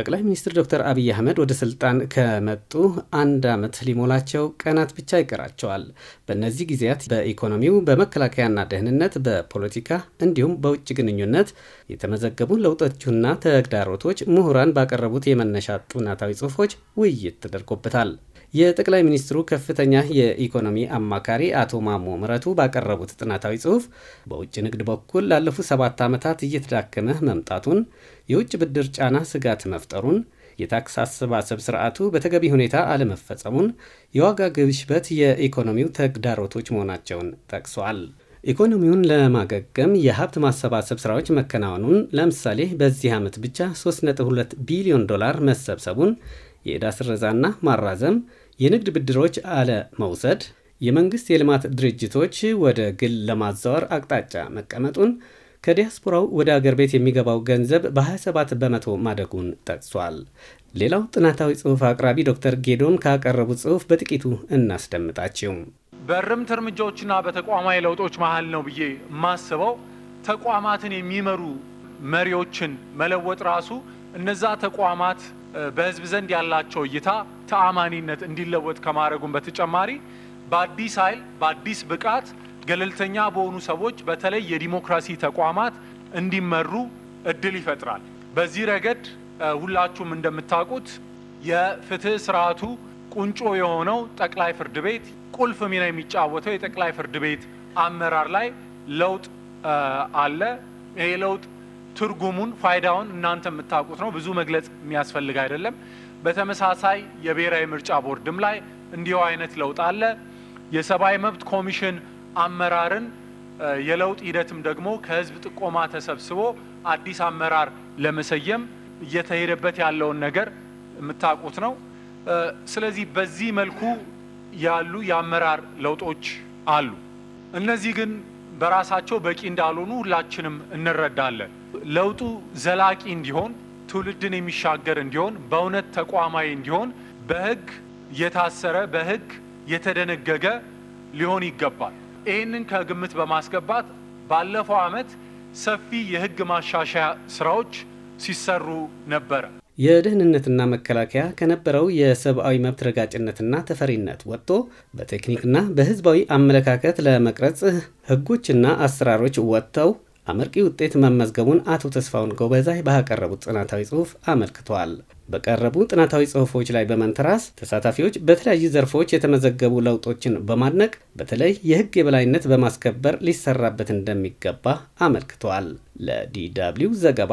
ጠቅላይ ሚኒስትር ዶክተር አብይ አህመድ ወደ ስልጣን ከመጡ አንድ ዓመት ሊሞላቸው ቀናት ብቻ ይቀራቸዋል። በእነዚህ ጊዜያት በኢኮኖሚው፣ በመከላከያና ደህንነት፣ በፖለቲካ እንዲሁም በውጭ ግንኙነት የተመዘገቡ ለውጦችና ተግዳሮቶች ምሁራን ባቀረቡት የመነሻ ጥናታዊ ጽሑፎች ውይይት ተደርጎበታል። የጠቅላይ ሚኒስትሩ ከፍተኛ የኢኮኖሚ አማካሪ አቶ ማሞ ምረቱ ባቀረቡት ጥናታዊ ጽሑፍ በውጭ ንግድ በኩል ላለፉት ሰባት ዓመታት እየተዳከመ መምጣቱን፣ የውጭ ብድር ጫና ስጋት መፍጠሩን፣ የታክስ አሰባሰብ ስርዓቱ በተገቢ ሁኔታ አለመፈጸሙን፣ የዋጋ ግሽበት የኢኮኖሚው ተግዳሮቶች መሆናቸውን ጠቅሷል። ኢኮኖሚውን ለማገገም የሀብት ማሰባሰብ ስራዎች መከናወኑን ለምሳሌ በዚህ ዓመት ብቻ 3.2 ቢሊዮን ዶላር መሰብሰቡን የዕዳ ስረዛና ማራዘም የንግድ ብድሮች አለ መውሰድ የመንግስት የልማት ድርጅቶች ወደ ግል ለማዛወር አቅጣጫ መቀመጡን ከዲያስፖራው ወደ አገር ቤት የሚገባው ገንዘብ በ27 በመቶ ማደጉን ጠቅሷል። ሌላው ጥናታዊ ጽሑፍ አቅራቢ ዶክተር ጌዶን ካቀረቡት ጽሑፍ በጥቂቱ እናስደምጣችው። በርምት እርምጃዎችና በተቋማዊ ለውጦች መሀል ነው ብዬ የማስበው ተቋማትን የሚመሩ መሪዎችን መለወጥ ራሱ እነዛ ተቋማት በህዝብ ዘንድ ያላቸው እይታ ተአማኒነት እንዲለወጥ ከማድረጉም በተጨማሪ በአዲስ ኃይል በአዲስ ብቃት ገለልተኛ በሆኑ ሰዎች በተለይ የዲሞክራሲ ተቋማት እንዲመሩ እድል ይፈጥራል። በዚህ ረገድ ሁላችሁም እንደምታውቁት የፍትህ ስርዓቱ ቁንጮ የሆነው ጠቅላይ ፍርድ ቤት ቁልፍ ሚና የሚጫወተው የጠቅላይ ፍርድ ቤት አመራር ላይ ለውጥ አለ። ይሄ ለውጥ ትርጉሙን ፋይዳውን እናንተ የምታውቁት ነው። ብዙ መግለጽ የሚያስፈልግ አይደለም። በተመሳሳይ የብሔራዊ ምርጫ ቦርድም ላይ እንዲሁ አይነት ለውጥ አለ። የሰብአዊ መብት ኮሚሽን አመራርን የለውጥ ሂደትም ደግሞ ከህዝብ ጥቆማ ተሰብስቦ አዲስ አመራር ለመሰየም እየተሄደበት ያለውን ነገር የምታውቁት ነው። ስለዚህ በዚህ መልኩ ያሉ የአመራር ለውጦች አሉ። እነዚህ ግን በራሳቸው በቂ እንዳልሆኑ ሁላችንም እንረዳለን። ለውጡ ዘላቂ እንዲሆን፣ ትውልድን የሚሻገር እንዲሆን፣ በእውነት ተቋማዊ እንዲሆን በህግ የታሰረ በህግ የተደነገገ ሊሆን ይገባል። ይህንን ከግምት በማስገባት ባለፈው ዓመት ሰፊ የህግ ማሻሻያ ስራዎች ሲሰሩ ነበረ። የደህንነትና መከላከያ ከነበረው የሰብአዊ መብት ረጋጭነትና ተፈሪነት ወጥቶ በቴክኒክና በህዝባዊ አመለካከት ለመቅረጽ ህጎችና አሰራሮች ወጥተው አመርቂ ውጤት መመዝገቡን አቶ ተስፋውን ጎበዛይ ባቀረቡት ጥናታዊ ጽሁፍ አመልክቷል። በቀረቡ ጥናታዊ ጽሁፎች ላይ በመንተራስ ተሳታፊዎች በተለያዩ ዘርፎች የተመዘገቡ ለውጦችን በማድነቅ በተለይ የህግ የበላይነት በማስከበር ሊሰራበት እንደሚገባ አመልክቷል። ለዲ ደብልዩ ዘገባ